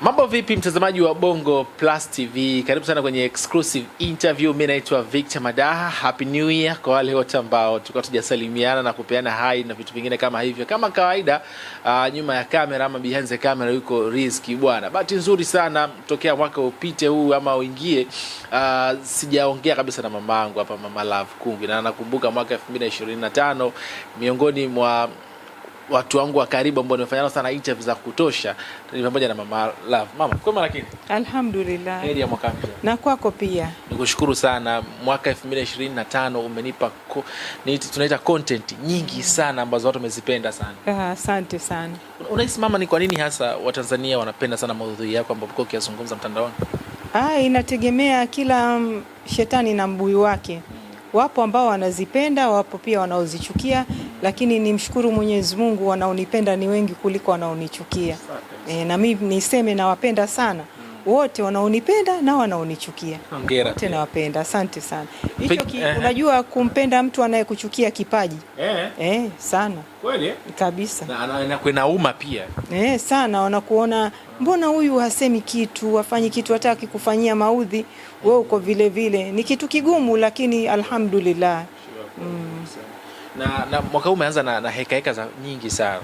Mambo vipi, mtazamaji wa Bongo Plus TV, karibu sana kwenye exclusive interview. Mimi naitwa Victor Madaha. Happy New Year kwa wale wote ambao tulikuwa tujasalimiana na kupeana hai na vitu vingine kama hivyo. Kama kawaida, uh, nyuma ya kamera ama behind the camera yuko Rizki bwana. Bahati nzuri sana tokea mwaka upite huu ama uingie, uh, sijaongea kabisa na mamangu hapa, Mama Love Kungi, na nakumbuka mwaka 2025 miongoni mwa watu wangu wa karibu ambao nimefanya nao sana interview za kutosha ni pamoja na mama Love. Mama, kwa mara Alhamdulillah. Heri ya mwaka mpya. Na kwako pia. Nikushukuru sana mwaka 2025 umenipa ko, ni, tunaita content nyingi sana ambazo watu wamezipenda sana. Ah, asante sana. Unahisi mama, ni kwa nini hasa Watanzania wanapenda sana maudhui yako ambapo kwa ukiyazungumza mtandaoni? Ah, inategemea kila mm, shetani na mbui wake. Hmm. Wapo ambao wanazipenda, wapo pia wanaozichukia lakini nimshukuru Mwenyezi Mungu, wanaonipenda ni wengi kuliko wanaonichukia. E, na mi niseme nawapenda sana hmm. wote wanaonipenda na wanaonichukia wote nawapenda. Asante sana hicho ki, eh, eh. unajua kumpenda mtu anayekuchukia kipaji eh, eh sana kweli kabisa, na pia eh sana. Wanakuona mbona huyu hasemi kitu afanyi kitu, hataki kufanyia maudhi, wewe uko vile vile. Ni kitu kigumu, lakini alhamdulillah mm na, na mwaka huu umeanza na, na heka heka za nyingi sana.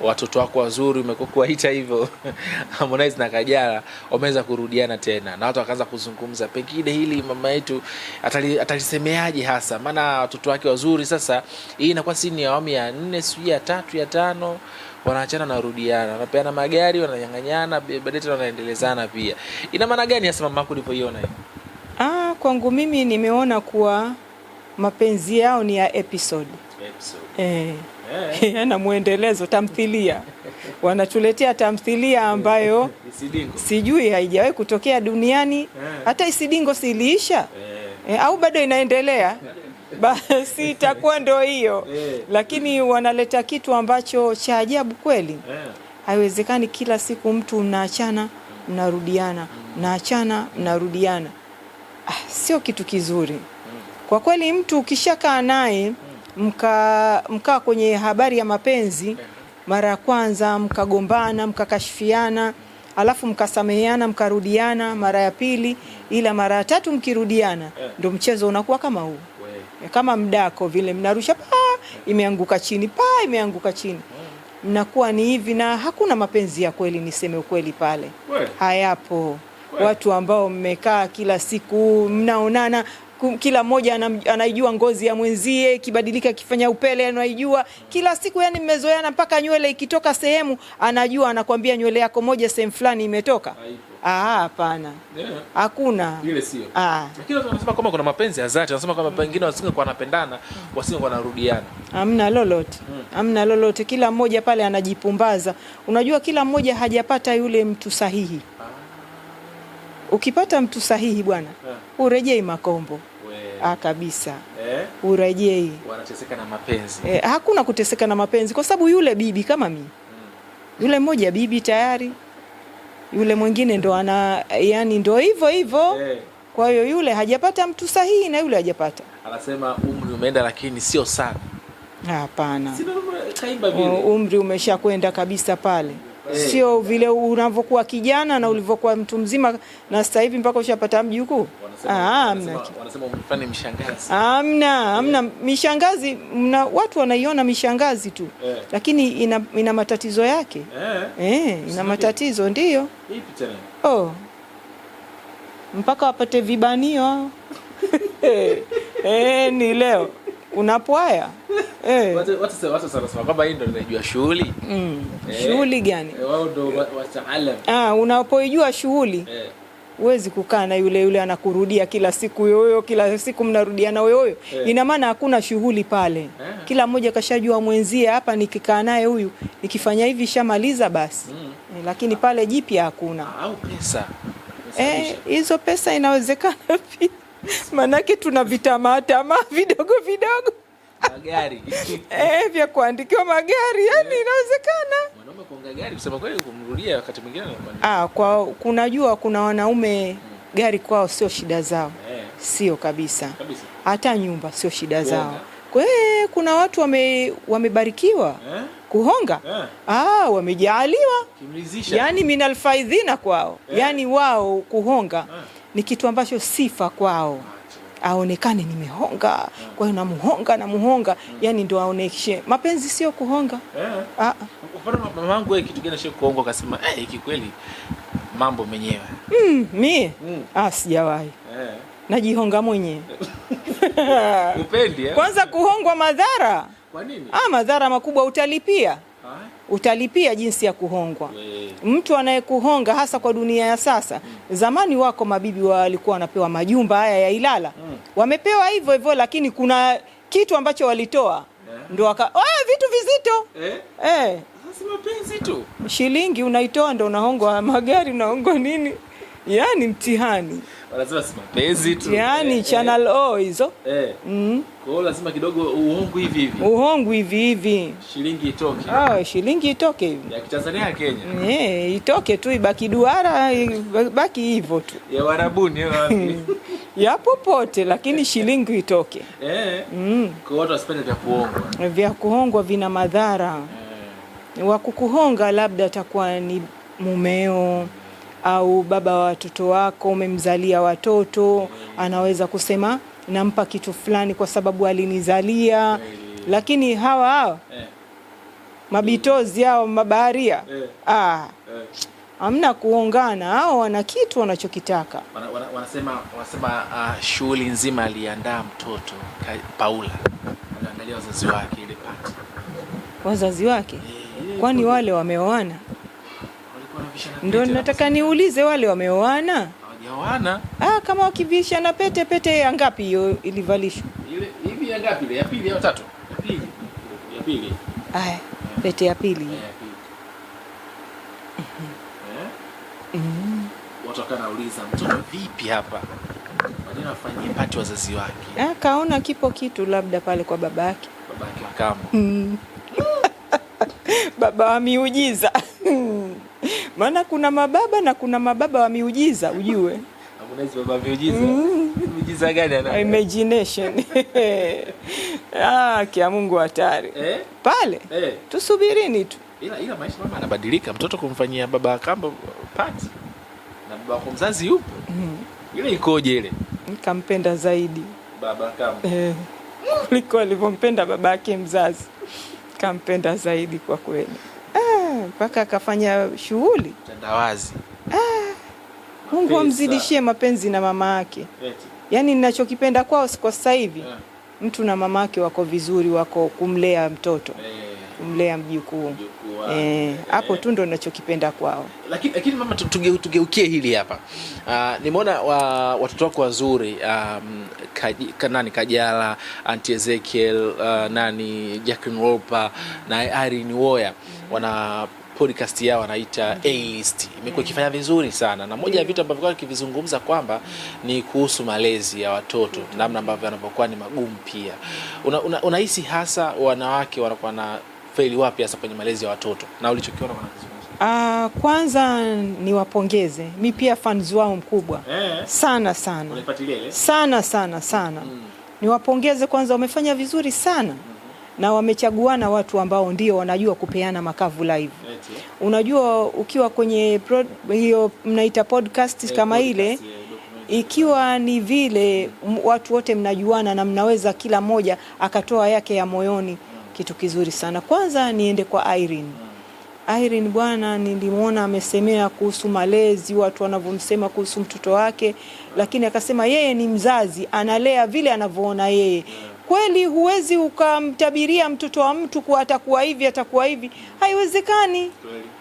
Watoto wako wazuri umekuwa kuwaita hivyo Harmonize na Kajala wameweza kurudiana tena na watu wakaanza kuzungumza, pengine hili mama yetu atalisemeaje hasa, maana watoto wake wazuri. Sasa hii inakuwa si ni awamu ya nne, sijui ya tatu, ya tano wanaachana narudiana, wanapeana magari, wananyang'anyana, baadaye tena wanaendelezana. Pia ina maana gani hasa mama yako ulipoiona hiyo? Ah, kwangu mimi nimeona kuwa mapenzi yao ni ya episode, episode. Eh. Eh. yana mwendelezo, tamthilia wanatuletea tamthilia ambayo sijui haijawahi kutokea duniani eh. hata Isidingo siliisha eh. Eh, au bado inaendelea basi itakuwa ndio hiyo eh. Lakini wanaleta kitu ambacho cha ajabu kweli eh. Haiwezekani kila siku mtu mnaachana mnarudiana mm. mnaachana mnarudiana, ah, sio kitu kizuri. Kwa kweli mtu ukishakaa naye mkaa mka kwenye habari ya mapenzi mara ya kwanza mkagombana, mkakashifiana, alafu mkasameheana, mkarudiana mara ya pili, ila mara ya tatu mkirudiana, ndo mchezo unakuwa kama huu, kama mdako vile, mnarusha pa, imeanguka chini, pa, imeanguka chini, mnakuwa ni hivi, na hakuna mapenzi ya kweli. Niseme ukweli, pale hayapo watu ambao mmekaa kila siku mnaonana kila mmoja anaijua ngozi ya mwenzie, ikibadilika akifanya upele anaijua kila siku, yani mmezoeana mpaka nywele ikitoka sehemu anajua, anakwambia nywele yako moja sehemu fulani imetoka. Ah, hapana, hakuna ile, sio ah. lakini wanasema kama kuna mapenzi ya dhati, wanasema kama pengine wasingekuwa wanapendana wasingekuwa wanarudiana. Hamna lolote, hmm. hamna lolote, kila mmoja pale anajipumbaza. Unajua, kila mmoja hajapata yule mtu sahihi. Ukipata mtu sahihi bwana, eh. urejei makombo Ah, kabisa eh? Urejei. Wanateseka na mapenzi eh, hakuna kuteseka na mapenzi kwa sababu yule bibi kama mi mm. Yule mmoja bibi tayari, yule mwingine ndo ana yani ndo hivyo hivyo eh. Kwa hiyo yule hajapata mtu sahihi na yule hajapata, anasema umri umeenda, lakini sio sana, hapana, umri umeshakwenda kabisa pale. Eh. Sio vile unavyokuwa kijana na ulivyokuwa mtu mzima na sasa hivi mpaka ushapata mjukuu. Ah, amna, amna eh. mishangazi mna, watu wanaiona mishangazi tu hey. Eh. Lakini ina, ina matatizo yake hey. Hey, ina matatizo ndiyo oh. Mpaka wapate vibanio hao Hey, ni leo unapoaya eh. Watu wanasema kwamba hii ndio shughuli mm. Eh. shughuli gani? Eh, wao ndio Ah, unapoijua shughuli eh. Huwezi kukaa na yule yule anakurudia kila siku yoyo, kila siku mnarudiana yoyo yeah. Ina maana hakuna shughuli pale Kila mmoja kashajua mwenzie, hapa nikikaa naye huyu nikifanya hivi shamaliza basi mm. Lakini pale jipya hakuna au pesa hizo pesa, eh, pesa inawezekana pia Manake tuna vitamatamaa vidogo vidogo magari eh, vya kuandikiwa magari yani yeah. Inawezekana ah, kwa kunajua kuna wanaume Gari kwao sio shida zao yeah. Sio kabisa hata nyumba sio shida zao kwa eh, kuna watu wame, wamebarikiwa yeah. Kuhonga yeah. Ah, wamejaliwa yani minalfaidhina kwao yeah. Yani wao kuhonga yeah ni kitu ambacho sifa kwao aonekane nimehonga, kwa hiyo namuhonga namuhonga, yani ndo aoneshe mapenzi sio kuhonga. wangu eh? ah, ah. wewe kitu gani sio kuhonga akasema eh, hiki kweli mambo mwenyewe Mm, mi mm. Ah, sijawahi eh. Najihonga mwenyewe upendi eh? Kwanza kuhongwa madhara. Kwa nini? Ah, madhara makubwa utalipia. Ah utalipia jinsi ya kuhongwa. Mtu anayekuhonga hasa kwa dunia ya sasa, zamani wako mabibi walikuwa wanapewa majumba haya ya Ilala, wamepewa hivyo hivyo, lakini kuna kitu ambacho walitoa eh? ndo waka oh, vitu vizito eh, eh. tu shilingi unaitoa ndo unahongwa magari, unahongwa nini? Yani mtihani wanasema si mapenzi tu. Yaani eh, eh. channel eh, O hizo. Eh. Mm. Kwa hiyo lazima kidogo uhongu hivi hivi. Uhongu hivi hivi. Shilingi itoke. Ah, shilingi itoke hivi. Ya Kitanzania ya Kenya. Eh, itoke tu ibaki duara ibaki hivyo tu. Ya warabuni wapi? Ya popote lakini shilingi itoke. Eh. Mm. Kwa watu wasipende vya kuhongwa. Vya kuhongwa vina madhara. Eh. Wa kukuhonga labda atakuwa ni mumeo au baba wa watoto wako, umemzalia watoto, anaweza kusema nampa kitu fulani kwa sababu alinizalia. Lakini hawa hawa eh. mabitozi hao mabaharia eh. ah, eh. hamna kuongana. Hao wana kitu wanachokitaka, wanasema wanasema, uh, shughuli nzima aliandaa mtoto Paula, anaangalia wazazi wake ile pati, wazazi wake, kwani wale wameoana? Ndio nataka niulize wale wameoana hawajaoana. Ah, kama wakivishana pete, pete ya ngapi hiyo ilivalishwa? Ile hivi ya ngapi ile ya pili au tatu? Ya pili. Ya pili. Aya, eh. pete ya pili. Aya, eh, Ya pili. Mhm. Eh? Mhm. Watu wakanauliza mtoto vipi hapa? Wajana wafanyie pati wazazi wake. Ah, kaona kipo kitu labda pale kwa babake. Babake akamo. Mhm. Baba wa miujiza maana kuna mababa na kuna mababa wa miujiza ujue. Mm-hmm. Imagination. Ah, kia Mungu hatari eh? Pale eh? Tusubirini tu, ila, ila maisha mama anabadilika, mtoto kumfanyia baba kamba pati na baba kwa mzazi yupo mm. Ile ikoje ile? Nikampenda zaidi baba kamba eh, kuliko alivyompenda baba yake mzazi, kampenda zaidi kwa kweli mpaka akafanya shughuli tandawazi. Ah, Mungu amzidishie mapenzi na mama yake. Yaani ninachokipenda kwao kwa sasa hivi yeah. Mtu na mama yake wako vizuri, wako kumlea mtoto yeah. Kumlea mjukuu eh, eh. hapo eh, tu ndo ninachokipenda kwao. Lakini lakini mama, tugeukie hili hapa. Uh, nimeona wa, watoto wako wazuri um, ka, nani Kajala, Auntie Ezekiel uh, nani Jacqueline Wolper na Irene -hmm. wana podcast yao wanaita A-list imekuwa ikifanya vizuri sana, na moja ya vitu ambavyo kwa kivizungumza kwamba ni kuhusu malezi ya watoto, namna ambavyo yanapokuwa ni magumu. Pia unahisi una, una hasa wanawake wanakuwa na feli wapi hasa kwenye malezi ya watoto na ulichokiona wanakizungumza? Uh, kwanza niwapongeze mi pia fans wao mkubwa eh, sana sana sana sana sana mm. Niwapongeze kwanza, wamefanya vizuri sana mm na wamechaguana watu ambao ndio wanajua kupeana makavu live. Unajua, ukiwa kwenye prod, hiyo mnaita podcast eh, kama podcast, ile ikiwa ni vile watu wote mnajuana na mnaweza kila mmoja akatoa yake ya moyoni, kitu kizuri sana. Kwanza niende kwa Irene. Hmm. Irene bwana, nilimwona amesemea kuhusu malezi, watu wanavyomsema kuhusu mtoto wake, lakini akasema yeye ni mzazi, analea vile anavyoona yeye. Hmm kweli huwezi ukamtabiria mtoto wa mtu kuwa atakuwa hivi atakuwa hivi, haiwezekani.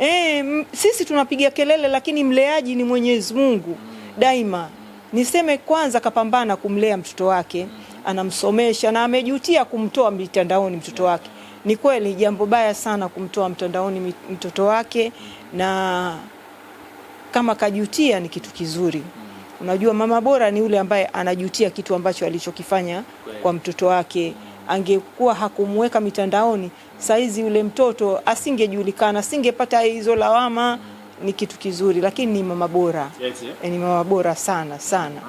E, sisi tunapiga kelele, lakini mleaji ni Mwenyezi Mungu daima. Niseme kwanza, kapambana kumlea mtoto wake, anamsomesha na amejutia kumtoa mitandaoni mtoto wake. Ni kweli jambo baya sana kumtoa mtandaoni mtoto wake, na kama kajutia ni kitu kizuri. Unajua, mama bora ni yule ambaye anajutia kitu ambacho alichokifanya kwa mtoto wake. Angekuwa hakumweka mitandaoni, saizi yule mtoto asingejulikana, asingepata hizo lawama ni kitu kizuri, lakini ni mama bora yes, yeah. Eh, e, ni mama bora sana sana.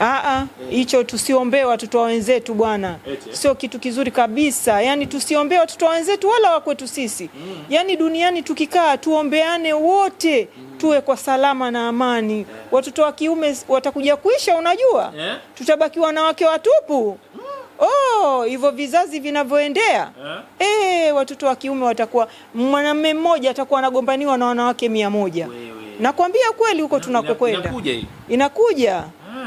Ah, ah. Eh. Hicho tusiombee watoto wa wenzetu bwana yes, yeah. Sio kitu kizuri kabisa, yani tusiombee watoto wa wenzetu wala wakwetu sisi mm. Yani duniani tukikaa tuombeane wote mm. tuwe kwa salama na amani yeah. Watoto wa kiume watakuja kuisha, unajua yeah. na wake watupu mm. Oh, hivyo vizazi vinavyoendea eh? Hey, eh, watoto wa kiume watakuwa, mwanamume mmoja atakuwa anagombaniwa na wanawake mia moja. Nakwambia kweli, huko tunakokwenda inakuja, inakuja.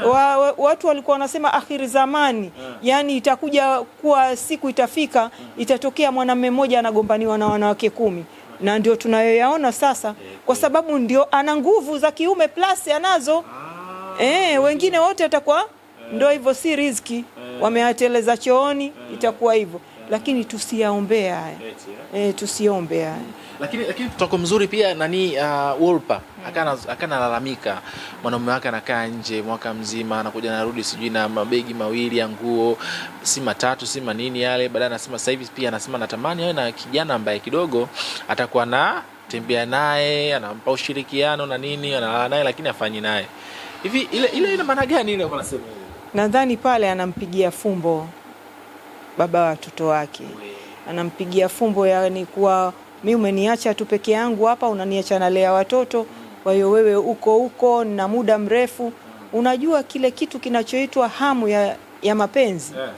Ah. Wa, wa, watu walikuwa wanasema akhiri zamani yeah. Yani itakuja kuwa siku itafika yeah. Hmm. Itatokea mwanamume mmoja anagombaniwa na wanawake kumi yeah. Na ndio tunayoyaona sasa yeah. Kwa sababu ndio ana nguvu za kiume plus anazo ah. E, wengine wote atakuwa ndio hivyo, si riziki, eh. wameateleza chooni, eh. itakuwa hivyo, lakini tusiyaombea haya eh, eh tusiombe haya lakini lakini tutako mzuri pia nani uh, Wolpa akana akanalalamika mwanamume wake anakaa nje mwaka mzima, anakuja narudi sijui na mabegi mawili ya nguo, si matatu, si manini yale. Baadaye anasema sasa hivi pia anasema natamani awe na kijana ambaye kidogo atakuwa na tembea naye, anampa ushirikiano na nini, analala naye, lakini afanyi naye hivi. Ile ile ina maana gani ile wanasema nadhani pale anampigia fumbo baba wa watoto wake, anampigia fumbo, yani kuwa mi umeniacha tu peke yangu hapa, unaniacha nalea watoto, kwa hiyo wewe uko huko na muda mrefu. Unajua kile kitu kinachoitwa hamu ya, ya mapenzi yeah.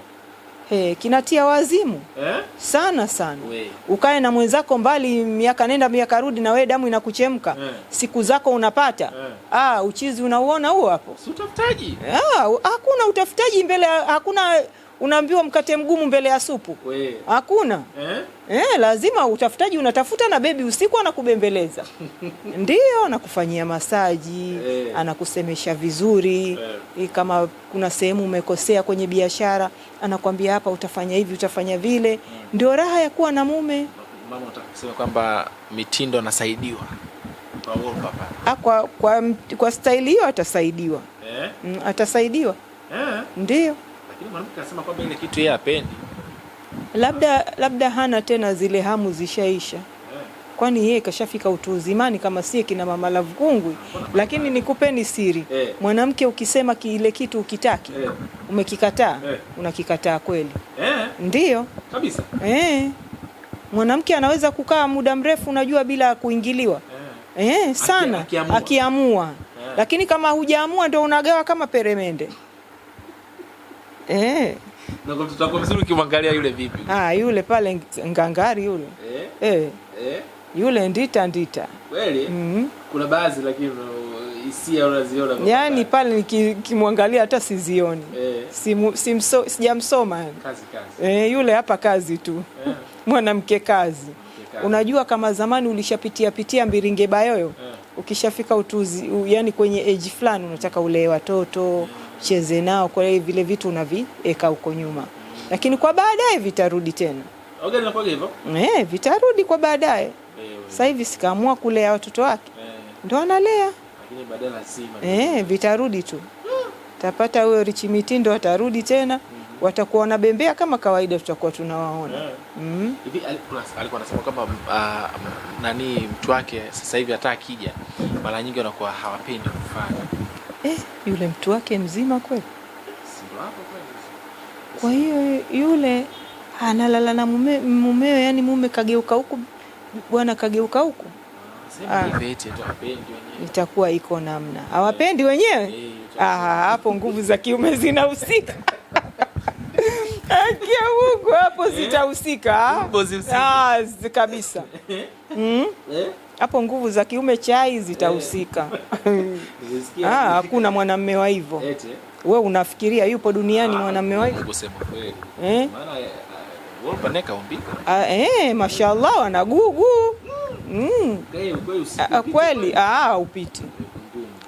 Hey, eh, kinatia wazimu eh? Sana sana we. Ukae na mwenzako mbali miaka nenda miaka rudi, na wewe damu inakuchemka eh. Siku zako unapata eh. Ah, uchizi unauona huo hapo, si utafutaji. Ah, hakuna utafutaji mbele, hakuna unaambiwa mkate mgumu mbele ya supu hakuna eh? Eh, lazima utafutaji unatafuta, na bebi usiku anakubembeleza ndio anakufanyia masaji eh, anakusemesha vizuri eh, kama kuna sehemu umekosea kwenye biashara anakwambia hapa utafanya hivi utafanya vile hmm. Ndio raha ya kuwa na mume. Mama utakusema kwamba mitindo anasaidiwa ah, kwa, kwa, kwa, kwa staili hiyo atasaidiwa eh? Mm, atasaidiwa eh? Ndio. Lakini mwanamke anasema kwamba ile kitu yeye apendi, labda labda hana tena zile hamu zishaisha eh. kwani yeye kashafika utu uzimani kama sie kina mama Love Kungwi. Lakini nikupeni siri eh, mwanamke ukisema kile kitu ukitaki eh, umekikataa eh, unakikataa kweli eh, ndiyo kabisa eh. Mwanamke anaweza kukaa muda mrefu unajua bila kuingiliwa eh, eh sana akiamua, aki eh, lakini kama hujaamua ndo unagawa kama peremende eh. Na kwa mtoto wako mzuri ukimwangalia yule vipi? Ah, yule pale ngangari yule eh. Eh. Eh. Yule ndita ndita kweli. mm Kuna baadhi lakini hisia unaziona, yaani pale nikimwangalia hata sizioni eh. Simu, simso, sijamsoma yani. Kazi, kazi. Eh, yule hapa kazi tu eh. Mwanamke kazi. kazi unajua kama zamani ulishapitia pitia mbiringe bayoyo yeah. Ukishafika utuzi yani kwenye age fulani unataka ulee watoto yeah cheze nao, kwa hiyo vile vitu unaviweka huko nyuma, lakini kwa baadaye vitarudi tena. na kwa hivyo eh, vitarudi kwa baadaye. Eh, sasa hivi sikaamua kulea watoto wake eh. ndo analea, lakini eh, vitarudi tu tapata huyo Richi Mitindo atarudi tena mhm. Watakuwa wanabembea kama kawaida, tutakuwa tunawaona yeah. mm Hivi alikuwa anasema kwamba uh, nani mtu wake sasa hivi hata akija mara nyingi wanakuwa hawapendi kufanya Eh, yule mtu wake mzima kweli. Kwa hiyo yule analala na mume, mumeo yani mume kageuka huku bwana kageuka huku, ah. itakuwa iko namna, hawapendi wenyewe eh, hapo. Nguvu za kiume zinahusika. Akia Mungu hapo eh? zitahusika ah, kabisa hapo. Eh? Mm? Hapo nguvu za kiume chai zitahusika. Ah, hakuna mwanamme wa hivyo. We unafikiria yupo duniani mwanamme wa hivyo eh? eh? Eh, ah, eh mashallah ana gugu mm. Kweli ah, upiti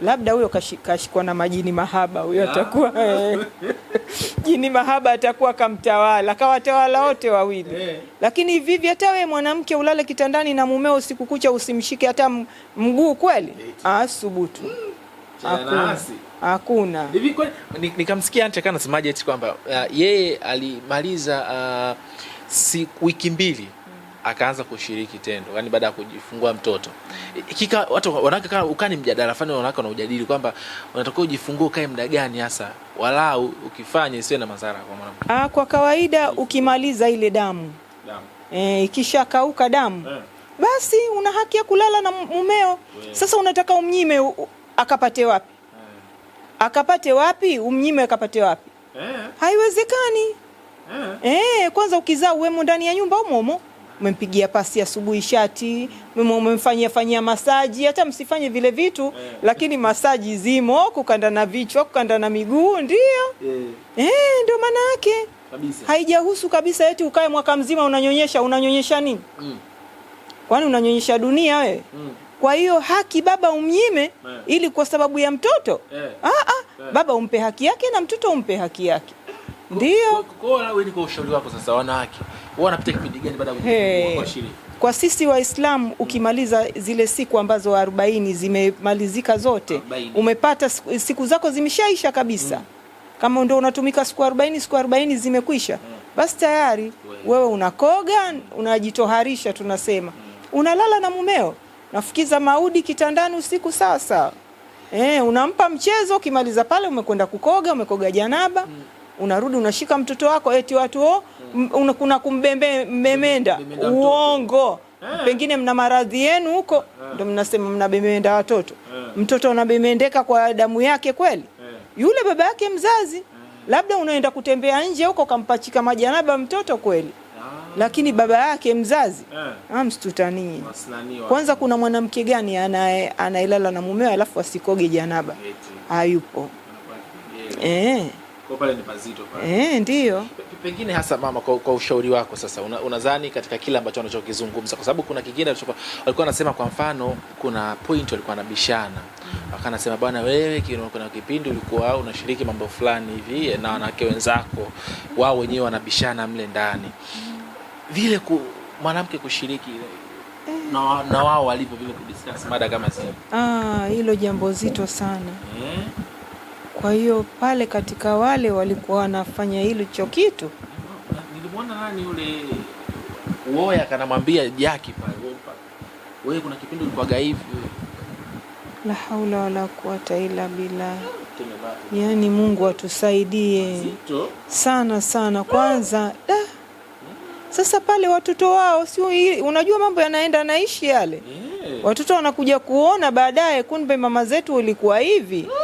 labda huyo kashikwa na majini mahaba huyo, atakuwa eh. jini mahaba atakuwa kamtawala kawatawala wote wawili hey. Lakini hivi hivi hata wewe mwanamke ulale kitandani na mumeo usiku kucha usimshike hata mguu kweli, asubutu hakuna. Nikamsikia Ancha kana eti kwamba uh, yeye alimaliza uh, si wiki mbili hmm. akaanza kushiriki tendo, yani baada ya kujifungua mtoto kika, watu wanaka kama ukani mjadala fani, wanawake wanaujadili kwamba unatakiwa ujifungue ukae muda gani hasa, walau ukifanya isiwe na madhara kwa mwanamke. Ah, kwa kawaida ukimaliza ile damu damu eh, ikishakauka damu eh, basi una haki ya kulala na mumeo. Sasa unataka umnyime u, akapate wapi? Eh. Akapate wapi? Umnyime akapate wapi? Eh. Haiwezekani. Eh. eh, kwanza ukizaa uwemo ndani ya nyumba umomo umempigia pasi asubuhi shati, umemfanyia fanyia masaji. Hata msifanye vile vitu yeah. Lakini masaji zimo, kukanda na vichwa, kukanda na miguu, ndio yeah. Eh, ndio maana yake kabisa. Haijahusu kabisa eti ukae mwaka mzima unanyonyesha. Unanyonyesha nini? mm. Kwani unanyonyesha dunia we? mm. Kwa hiyo haki baba umnyime yeah. ili kwa sababu ya mtoto yeah. ah, yeah. Eh. baba umpe haki yake na mtoto umpe haki yake ndio. Kwa ushauri wako sasa, wanawake wanapita kipindi gani baada ya Kwa sisi Waislamu ukimaliza zile siku ambazo arobaini zimemalizika zote 40. Umepata siku zako zimeshaisha kabisa mm. Kama ndo unatumika siku arobaini, siku arobaini zimekwisha mm. Basi tayari wewe unakoga, unajitoharisha tunasema mm. Unalala na mumeo nafukiza maudi kitandani usiku sasa. Eh, unampa mchezo, ukimaliza pale umekwenda kukoga, umekoga janaba mm. Unarudi unashika mtoto wako eh, eti watu o, oh, mm. kuna kumbembe mmemenda uongo eh. Pengine mna maradhi yenu huko eh. Ndio mnasema mnabemenda watoto eh. Mtoto anabemendeka kwa damu yake kweli eh. Yule baba yake mzazi eh. Labda unaenda kutembea nje huko kampachika majanaba mtoto kweli lakini baba yake mzazi eh, Amstutani ah, kwanza. Kuna mwanamke gani anayelala na mumeo alafu asikoge janaba? Hayupo ah, eh. Pale ni pazito pale. Eh, ndiyo. Pengine hasa mama, kwa, kwa ushauri wako sasa, unadhani una katika kile ambacho anachokizungumza, kwa sababu kuna kingine walikuwa anasema, kwa mfano kuna point walikuwa anabishana, mm. wakanasema bwana, wewe kuna kipindi ulikuwa unashiriki mambo fulani hivi eh, na wanawake wenzako, wao wenyewe wanabishana mle ndani mm vile ku, mwanamke kushiriki ile na, na wao walivyo vile kudiscuss mada kama zile. Ah, hilo jambo zito sana eh. Kwa hiyo pale katika wale walikuwa wanafanya hilicho kitu, nilimwona nani yule Uoya kanamwambia Jaki pale, wewe kuna kipindi ulikuwa gaifu. La haula wala kuwata ila bila, Yaani Mungu atusaidie sana sana kwanza da. Eh, sasa pale watoto wao sio, unajua mambo yanaenda naishi yale, yeah. Watoto wanakuja kuona baadaye, kumbe mama zetu ulikuwa hivi. Ah.